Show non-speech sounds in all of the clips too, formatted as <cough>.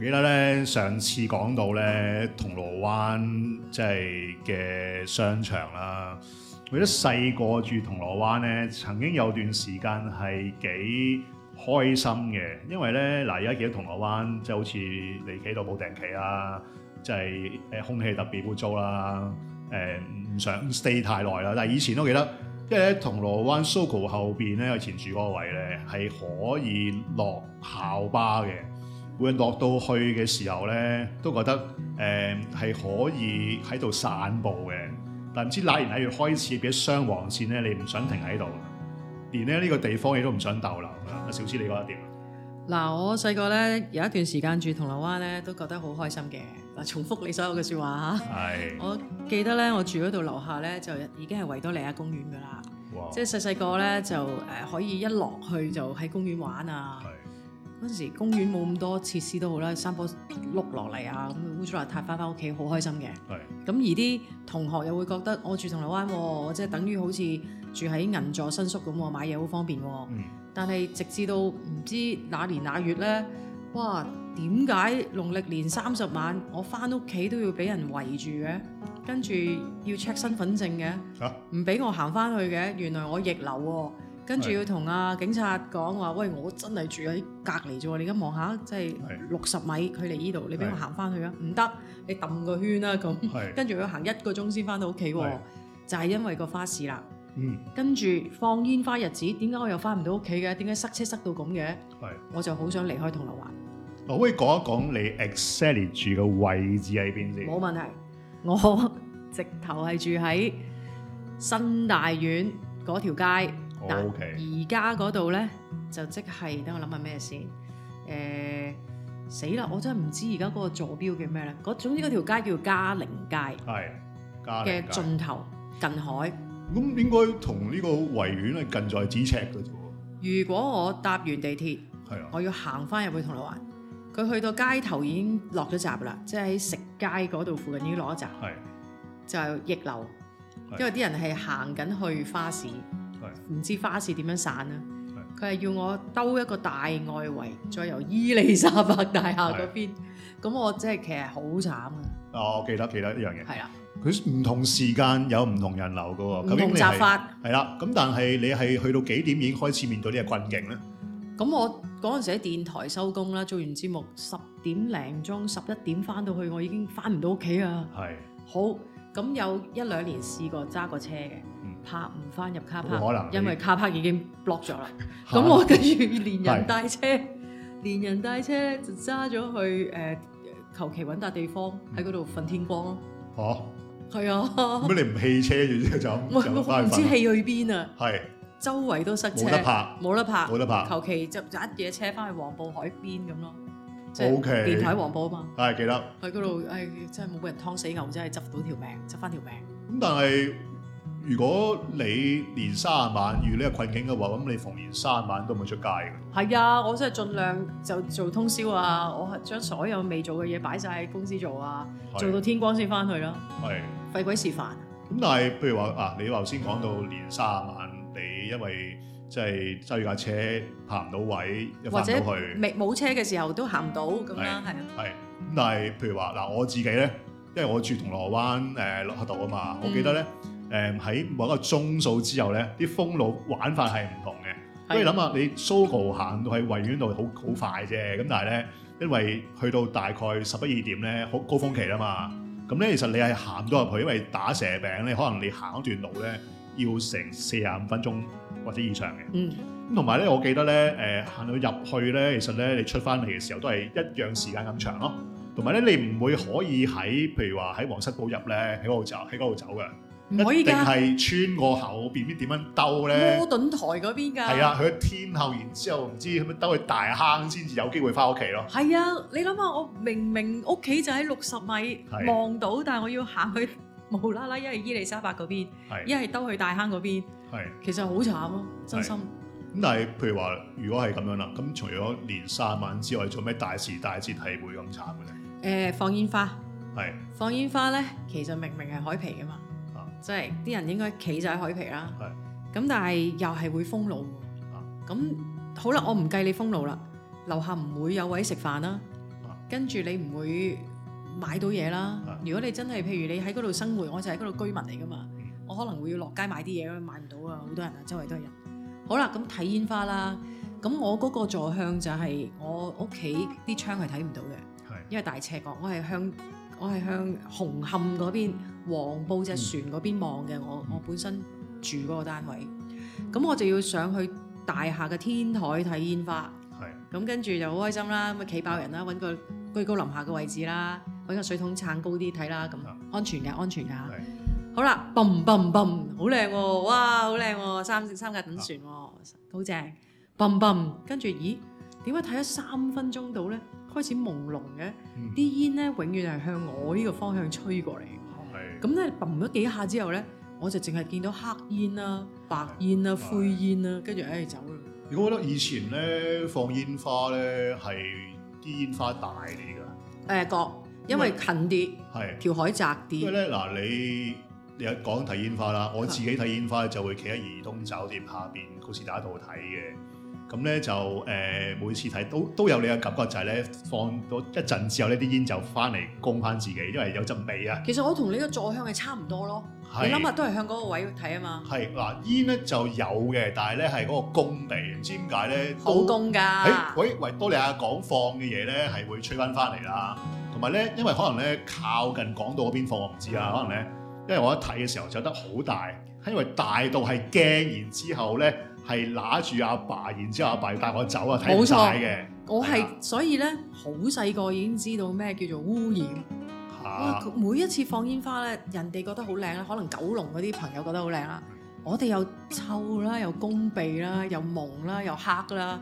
我記得咧上次講到咧銅鑼灣即係嘅商場啦。我覺得細個住銅鑼灣咧，曾經有段時間係幾開心嘅，因為咧嗱而家見到銅鑼灣即係好似你企到冇定企啦，即係誒空氣特別污糟啦，誒唔想 stay 太耐啦。但係以前都記得，因為喺銅鑼灣 Sogo 後邊咧有前住嗰個位咧，係可以落校巴嘅。會落到去嘅時候咧，都覺得誒係、呃、可以喺度散步嘅。但唔知哪年哪月開始，俾啲雙黃線咧，你唔想停喺度，連咧呢、呢個地方你都唔想逗留。阿、啊、小芝，你覺得點？嗱，我細個咧有一段時間住銅鑼灣咧，都覺得好開心嘅。嗱，重複你所有嘅説話嚇。係是。 <laughs> 我記得咧，我住嗰度樓下咧，就已經係維多利亞公園噶啦。哇！即係細細個咧就誒、呃、可以一落去就喺公園玩啊。嗰陣時公園冇咁多設施都好啦，山坡碌落嚟啊，咁污糟邋遢，翻翻屋企好開心嘅。咁是而啲同學又會覺得我住銅鑼灣，即係等於好似住喺銀座新宿咁，買嘢好方便。喎、嗯。但係直至到唔知哪年哪月咧，哇！點解農曆年三十晚我翻屋企都要俾人圍住嘅，跟住要 check 身份證嘅，唔俾、啊、我行翻去嘅？原來我逆流。跟住要同啊警察講話，喂，我真係住喺隔離啫。你而家望下，即係六十米距離依度，你俾我行翻去啊？唔得，你揼個圈啦。咁跟住要行一個鐘先翻到屋企，是 就係因為個花市啦。嗯，跟住放煙花日子，點解我又翻唔到屋企嘅？點解塞車塞到咁嘅？係是 我就好想離開銅鑼灣。我可以講一講你 exactly 住嘅位置喺邊先。冇問題，我直頭係住喺新大院嗰條街。但而家嗰度咧，就即係等我諗下咩先。誒死啦！我真係唔知而家嗰個坐標叫咩咧。嗰總之嗰條街叫嘉陵街，係嘉嘅盡頭近海。咁應該同呢個維園係近在咫尺嘅啫。如果我搭完地鐵，係啊，我要行翻入去銅鑼灣，佢去到街頭已經落咗閘啦，即喺食街嗰度附近已經落咗閘，係、啊、就逆流，啊、因為啲人係行緊去花市。唔知道花市點樣散啦、啊，佢係要我兜一個大外圍，再由伊利沙伯大廈嗰邊，咁、啊、我真係其實好慘啊！哦我記，記得記得呢樣嘢，係啦、啊，佢唔同時間有唔同人流噶喎，唔同扎法係啦，咁但係你係去到幾點已經開始面對呢個困境咧？咁我嗰陣時喺電台收工啦，做完節目十點零鐘、十一點翻到去，我已經翻唔到屋企啊！係好咁有一兩年試過揸過車嘅。拍唔翻入卡拍，因為卡拍已經 block 咗啦。咁我跟住連人帶車，連人帶車就揸咗去誒，求其揾笪地方喺嗰度瞓天光咯。嚇，係啊。咁你唔棄車，然之後就唔知棄去邊啊？係。周圍都塞車，冇得拍，冇得拍，冇得拍。求其執一嘢車翻去黃埔海邊咁咯。O K。係喺黃埔啊嘛。係，記得。喺嗰度係真係冇俾人劏死牛，真係執到條命，執翻條命。咁但係。如果你年卅晚遇呢個困境嘅話，咁你逢年卅晚都唔會出街嘅。係啊，我真係盡量就做通宵啊，我係將所有未做嘅嘢擺晒喺公司做啊，是做到天光先翻去咯。係費鬼事煩。咁但係譬如話啊，你頭先講到年卅晚，啊、你因為即係揸住架車行唔到位，到去或者未冇車嘅時候都行唔到咁是樣係啊。係咁是，是但係譬如話嗱、啊，我自己咧，因為我住銅鑼灣樂活道啊嘛，我記得咧。嗯誒喺某一個鐘數之後咧，啲封路玩法係唔同嘅。不如諗下，想想你 Sogo 行到喺維園度好好快啫。咁但係咧，因為去到大概十一二點咧，好高峰期啦嘛。咁咧，其實你係行唔到入去，因為打蛇餅咧，可能你行一段路咧要成四十五分鐘或者以上嘅。嗯，咁同埋咧，我記得咧，誒、呃、行到入去咧，其實咧你出翻嚟嘅時候都係一樣時間咁長咯。同埋咧，你唔會可以喺譬如話喺皇室堡入咧，喺嗰度走喺度走嘅。唔可以一定係穿過後邊，邊點樣兜咧？呢摩頓台嗰邊㗎，係啊，去天后，然之後唔知點樣兜去大坑，先至有機會翻屋企咯。係啊，你諗下、啊，我明明屋企就喺六十米是望到，但係我要行去無啦啦，一係伊利沙伯嗰邊，一係兜去大坑嗰邊，是其實好慘咯，是真心咁。但係譬如話，如果係咁樣啦，咁除咗年卅晚之外，做咩大時大節係會咁慘嘅咧？誒、呃，放煙花係是放煙花咧，其實明明係海皮㗎嘛。即係啲人應該企就喺海皮啦，咁是但係又係會封路，咁、啊、好啦，我唔計你封路啦，樓下唔會有位食飯啦，跟住、啊、你唔會買到嘢啦。啊、如果你真係譬如你喺嗰度生活，我就喺嗰度居民嚟噶嘛，我可能會要落街買啲嘢，咁買唔到啊，好多人啊，周圍都係人。好啦，咁睇煙花啦，咁我嗰個座向就係我屋企啲窗係睇唔到嘅，是因為大斜角，我係向。我係向紅磡嗰邊黃埔隻船嗰邊望嘅，我我本身住嗰個單位，咁我就要上去大廈嘅天台睇煙花，咁的跟住就好開心啦，咁企爆人啦，揾個居高臨下嘅位置啦，揾個水桶撐高啲睇啦，咁安全㗎，安全㗎，的好啦，嘣嘣嘣，好靚喎，哇，好靚喎，三三架等船喎、哦，好正的，嘣嘣，跟住咦，點解睇咗三分鐘到咧？開始朦朧嘅，啲煙咧永遠係向我呢個方向吹過嚟。咁咧、嗯，嘭咗幾下之後咧，我就淨係見到黑煙啦、白煙啦、的灰煙啦，跟住誒走啦。如果我覺得以前咧放煙花咧係啲煙花大嚟㗎，誒角，因為近啲，係的條海窄啲。因為咧嗱，你你一講睇煙花啦，我自己睇煙花就會企喺怡東酒店下邊好似打到睇嘅。咁咧就、呃、每次睇都都有你嘅感覺就呢，就係咧放咗一陣之後呢啲煙就翻嚟供翻自己，因為有陣味啊。其實我同呢個坐向係差唔多咯，是你諗下都係向嗰個位睇啊嘛。係嗱煙咧就有嘅，但係咧係嗰個供鼻，唔知點解咧。好供㗎。誒、欸、喂，維多利亞港放嘅嘢咧係會吹翻翻嚟啦，同埋咧因為可能咧靠近港島嗰邊放，我唔知啊，可能咧因為我一睇嘅時候就得好大，係因為大到係驚然之後咧。係揦住阿爸，然之後阿爸要帶我走我啊！睇晒嘅，我係所以咧，好細個已經知道咩叫做污染。啊、哇！每一次放煙花咧，人哋覺得好靚啦，可能九龍嗰啲朋友覺得好靚啦，我哋又臭啦，又弓鼻啦，又朦啦，又黑啦。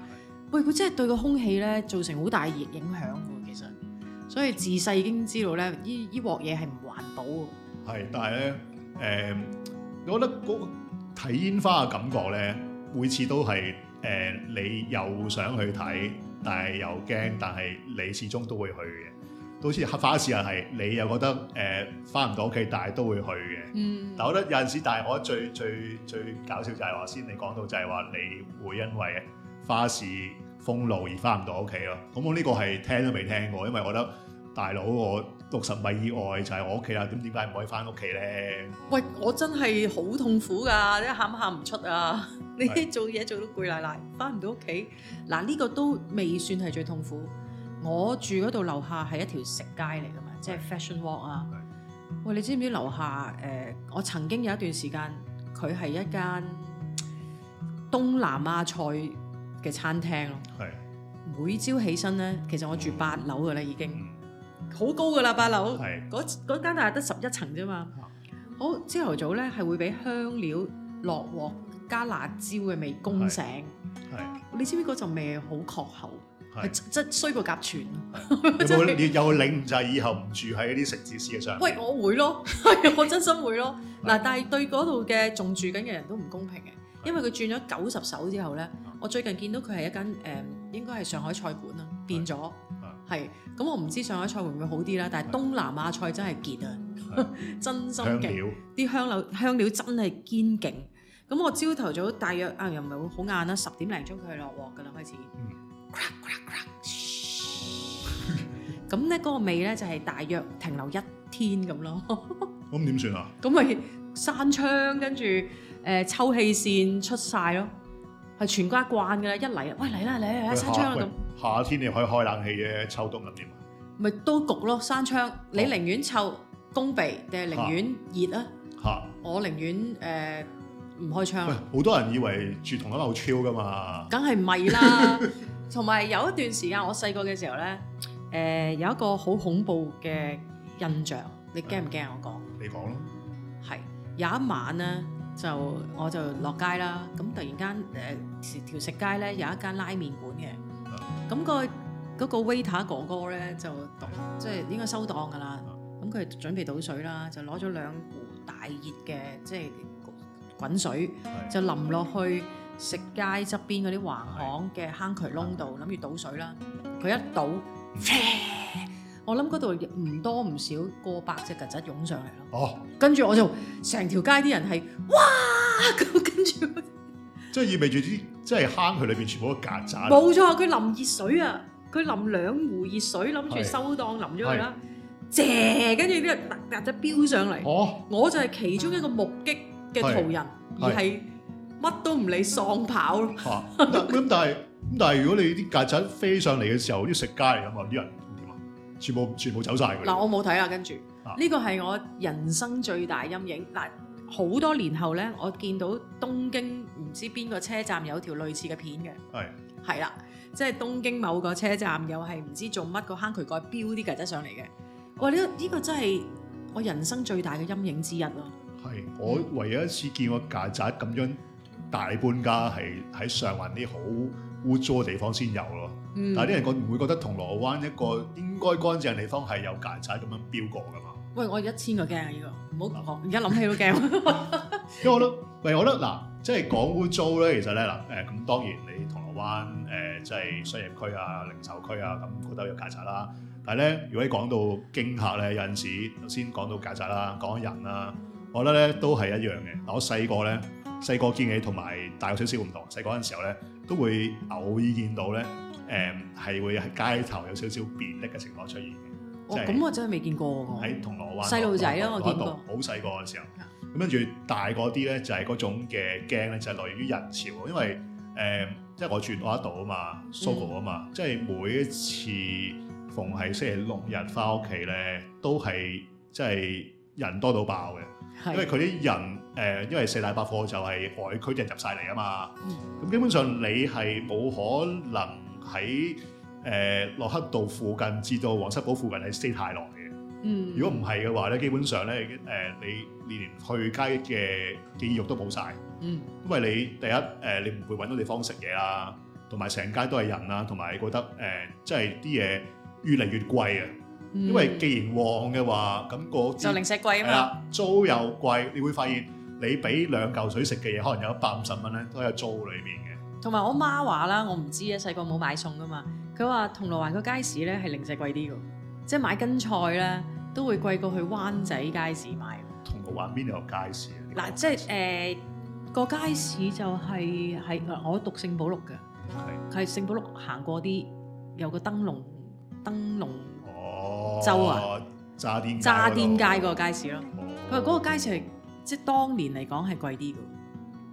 喂！佢真係對個空氣咧造成好大影影響喎，其實。所以自細已經知道咧，呢呢鑊嘢係唔環保。係，但係咧，誒、欸，我覺得嗰睇煙花嘅感覺咧。每次都係誒、呃，你又想去睇，但係又驚，但係你始終都會去嘅。好似黑花市又係，你又覺得誒，返唔到屋企，但係都會去嘅。嗯，但我覺得有陣時，但係我最最最搞笑就係話先你講到就係、是、話，你會因為花市封路而返唔到屋企咯。咁我呢個係聽都未聽過，因為我覺得大佬我六十米以外就係、是、我屋企啦，點點解唔可以返屋企咧？喂，我真係好痛苦㗎，你喊都喊唔出啊！你做嘢做到攰奶奶，翻唔到屋企，嗱呢是的 個都未算係最痛苦。我住嗰度樓下係一條食街嚟噶嘛，即係是的 Fashion Walk 啊。喂，是的 你知唔知樓下誒、呃？我曾經有一段時間，佢係一間東南亞菜嘅餐廳咯。係。是的 每朝起身咧，其實我住八樓噶啦，已經好、嗯、高噶啦，八樓。係是的。嗰嗰間大廈得十一層啫嘛。是的 好，朝頭早咧，係會俾香料落鑊。加辣椒嘅味攻醒，你知唔知嗰陣味好確厚，係真衰過甲醛。有冇你有領唔就以後唔住喺啲食肆市場？喂，我會咯，我真心會咯。嗱，但係對嗰度嘅仲住緊嘅人都唔公平嘅，因為佢轉咗九十手之後咧，我最近見到佢係一間誒，應該係上海菜館啦，變咗係。咁我唔知上海菜會唔會好啲啦，但係東南亞菜真係傑啊，真心勁！啲香料香料真係堅勁。咁我朝頭早大約啊、哎、又唔係會好晏啦，十點零鐘佢落鑊噶啦，開始咁咧，嗰個味咧就係、是、大約停留一天咁咯。咁點、嗯、算啊？咁咪閂窗，跟住誒抽氣扇出晒咯，係全家慣噶啦，一嚟喂嚟啦嚟嚟嚟，閂窗啦、啊、咁。夏喂樣天你可以開冷氣嘅，秋冬入面點啊？咪都焗咯，閂窗。你寧願臭攻鼻定係寧願熱啊？啊我寧願誒。呃唔開窗。好多人以為住同一樓好 chill 噶嘛，梗係唔係啦。同埋有一段時間，我細個嘅時候咧，誒有一個好恐怖嘅印象，你驚唔驚啊？我講，你講咯。係有一晚咧，就我就落街啦。咁突然間誒條食街咧有一間拉麵館嘅，咁個嗰個 waiter 哥哥咧就即係應該收檔噶啦。咁佢準備倒水啦，就攞咗兩壺大熱嘅即係，滾水就淋落去食街側邊嗰啲橫巷嘅坑渠窿度，諗住倒水啦。佢一倒，我諗嗰度唔多唔少過百隻曱甴湧上嚟咯。哦，跟住我就成條街啲人係哇咁，跟住即係意味住啲即係坑渠裏邊全部都曱甴。冇錯，佢淋熱水啊！佢淋兩壺熱水，諗住收檔淋咗佢啦。謝，跟住啲曱甴飆上嚟。哦，我就係其中一個目擊嘅途人，是而係乜都唔理，喪跑咁、啊、 <laughs> 但係咁但係，如果你啲曱甴飛上嚟嘅時候，啲食街咁啊，啲人點啊？全部全部走晒。嗱、啊，我冇睇啊，跟住呢個係我人生最大嘅陰影。嗱，好多年後咧，我見到東京唔知邊個車站有一條類似嘅片嘅，係係啦，即係、就是、東京某個車站又係唔知做乜個坑渠蓋飆啲曱甴上嚟嘅。我呢呢個真係、這個、我人生最大嘅陰影之一咯。係，我唯一一次見過曱甴咁樣大搬家，係喺上環啲好污糟嘅地方先有咯。嗯、但係啲人講唔會覺得銅鑼灣一個應該乾淨嘅地方係有曱甴咁樣標過㗎嘛？喂，我一千個驚啊！呢、呢個唔好學，而家諗起都驚。 <laughs> <laughs> 因為我覺得，唔我覺得嗱，即係講污糟咧，其實咧嗱誒，咁、呃、當然你銅鑼灣誒、呃、即係商業區啊、零售區啊，咁嗰度有曱甴啦。但係咧，如果你講到驚嚇咧，有陣時頭先講到曱甴啦，講人啦、啊。我覺得咧都係一樣嘅。我細個咧，細個見嘅同埋大個少少唔同。細個嗰陣時候咧，都會偶爾見到咧，誒、嗯、係會喺街頭有少少便溺嘅情況出現嘅。咁、哦、是我真係未見過喺、啊、銅鑼灣細路仔咯，啊、灣灣我見過好細個嘅時候。咁跟住大個啲咧，就係、是、嗰種嘅驚咧，就係來自於人潮，因為誒、嗯，即係我住我一度啊嘛，Sogo 啊嘛，嘛嗯、即係每一次逢係星期六日翻屋企咧，都係即係人多到爆嘅。是的因為佢啲人，誒、呃，因為四大百貨就係外區人入晒嚟啊嘛。咁、嗯、基本上你係冇可能喺誒洛克道附近至到皇室堡附近係 stay 太耐嘅。嗯、如果唔係嘅話咧，基本上咧，誒、呃，你你連去街嘅嘅慾都冇晒。嗯、因為你第一誒、呃，你唔會揾到地方食嘢啦，同埋成街都係人啦，同埋你覺得誒，即係啲嘢越嚟越貴啊。因為既然旺嘅話，咁個就零食貴啊！係啦，租又貴，你會發現你俾兩嚿水食嘅嘢，可能有一百五十蚊咧，都有租喺裏邊嘅。同埋我媽話啦，我唔知啊，細個冇買餸噶嘛。佢話銅鑼灣個街市咧係零食貴啲嘅，即係買根菜咧都會貴過去灣仔街市買。銅鑼灣邊度有街市啊？嗱，即係誒個街市就係係我讀聖保祿嘅，係聖保祿行過啲有個燈籠，燈籠。周、哦、啊，渣甸、那個、街個街市咯，佢話嗰個街市即係當年嚟講係貴啲嘅，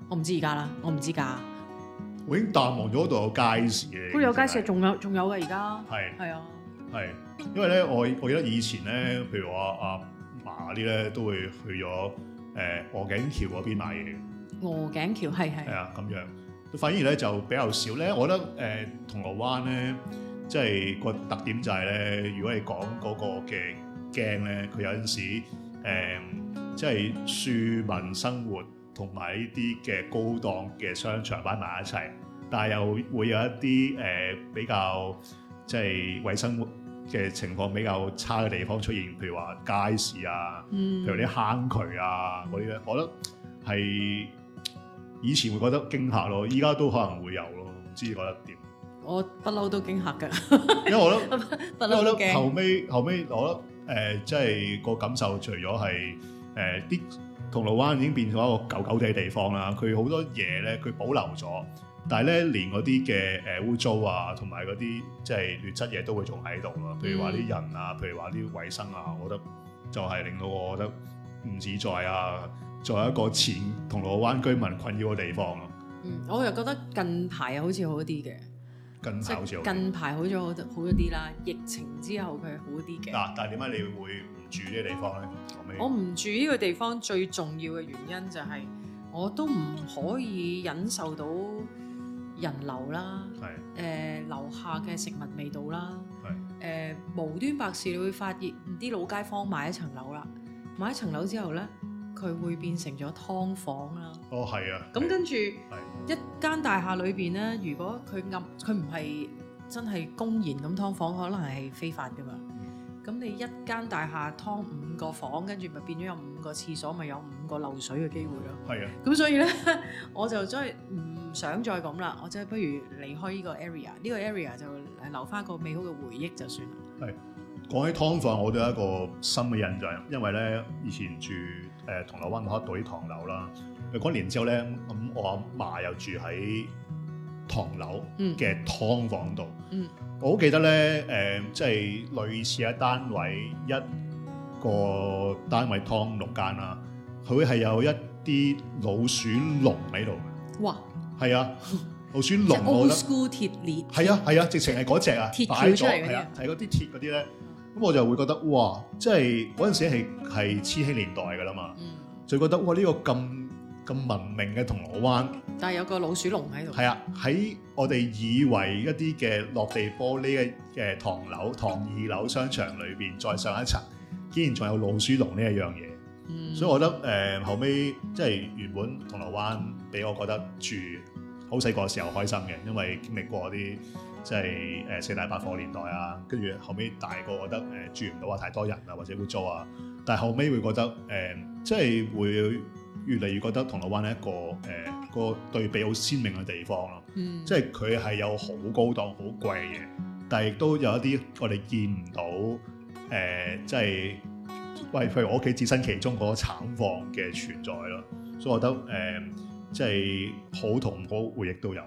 我唔知而家啦，我唔知㗎。我已經淡忘咗嗰度有街市嘅。都有街市有，仲是有仲有嘅而家。係係是啊，係，因為咧，我我記得以前咧，譬如話阿嫲啲咧都會去咗誒鵝頸橋嗰邊買嘢。鵝頸橋係係。係啊，咁、呃啊、樣，反而咧就比較少咧。我覺得誒銅鑼灣咧。呃即係個特點就係、是、咧，如果你講個嘅驚咧，佢有陣時誒、嗯、即係庶民生活同埋呢啲嘅高檔嘅商場擺埋一齊，但係又會有一啲誒、呃、比較即係衛生嘅情況比較差嘅地方出現，譬如話街市啊，嗯、譬如啲坑渠啊嗰啲咧，我覺得係以前會覺得驚嚇咯，依家都可能會有咯，唔知你覺得點？我不嬲都驚嚇嘅， <laughs> 因為我 <laughs> 因為我覺得後尾， <laughs> 後尾，我覺得誒，即係個感受，除咗係誒啲銅鑼灣已經變成一個舊舊地嘅地方啦。佢好多嘢咧，佢保留咗，但係咧連嗰啲嘅誒污糟啊，同埋嗰啲即係劣質嘢都會仲喺度咯。譬如話啲人啊，譬如話啲衞生啊，我覺得就係令到我覺得唔自在啊，作為一個前銅鑼灣居民困擾嘅地方咯。嗯，我又覺得近排啊，好似好啲嘅。即係近排好咗好咗啲啦，疫情之後佢好啲嘅。嗱，但係點解你會唔住呢個地方咧？我唔住呢個地方最重要嘅原因就係、係、我都唔可以忍受到人流啦，誒樓係、呃、下嘅食物味道啦，誒係、呃、無端白事，你會發現啲老街坊買一層樓啦，買一層樓之後咧。佢會變成咗劏房啦。哦，係啊。咁跟住一間大廈裏邊咧，如果佢暗，佢唔係真係公然咁劏房，可能係非法噶嘛。咁、嗯、你一間大廈劏五個房，跟住咪變咗有五個廁所，咪有五個漏水嘅機會咯。係啊。咁所以咧，我就真係唔想再咁啦。我真係不如離開呢個 area，呢個 area 就留翻個美好嘅回憶就算啦。係、啊。講起劏房，我都有一個深嘅印象，因為咧以前住誒銅鑼灣嗰度啲唐樓啦。嗰年之後咧，咁我阿嫲又住喺唐樓嘅劏房度。我好記得咧，誒即係類似喺單位一個單位劏六間啦。佢係有一啲老鼠籠喺度。哇！係啊，老鼠籠 old school 鐵鏈係啊，係啊，直情係嗰隻啊，擺咗，係啊，係嗰啲鐵嗰啲咧。咁我就會覺得哇，即係嗰陣時係係千禧年代噶啦嘛，嗯、就覺得哇呢、呢個咁咁文明嘅銅鑼灣，但係有個老鼠籠喺度。係啊，喺我哋以為一啲嘅落地玻璃嘅唐樓，唐二樓商場裏邊，再上一層，竟然仲有老鼠籠呢一樣嘢。嗯，所以我覺得誒、呃、後尾，即係原本銅鑼灣俾我覺得住好細個時候開心嘅，因為經歷過啲。即係誒四大百貨年代啊，跟住後尾大個覺得誒住唔到啊，太多人啊，或者污糟啊，但係後尾會覺得誒即係會越嚟越覺得銅鑼灣係一個誒、呃嗰個對比好鮮明嘅地方咯。即係佢係有好高檔、好貴嘅，但係亦都有一啲我哋見唔到誒，即、呃、係、就是、喂，譬如我屋企置身其中嗰慘況嘅存在咯。所以我覺得誒，即、呃、係、就是、好同唔好回憶都有。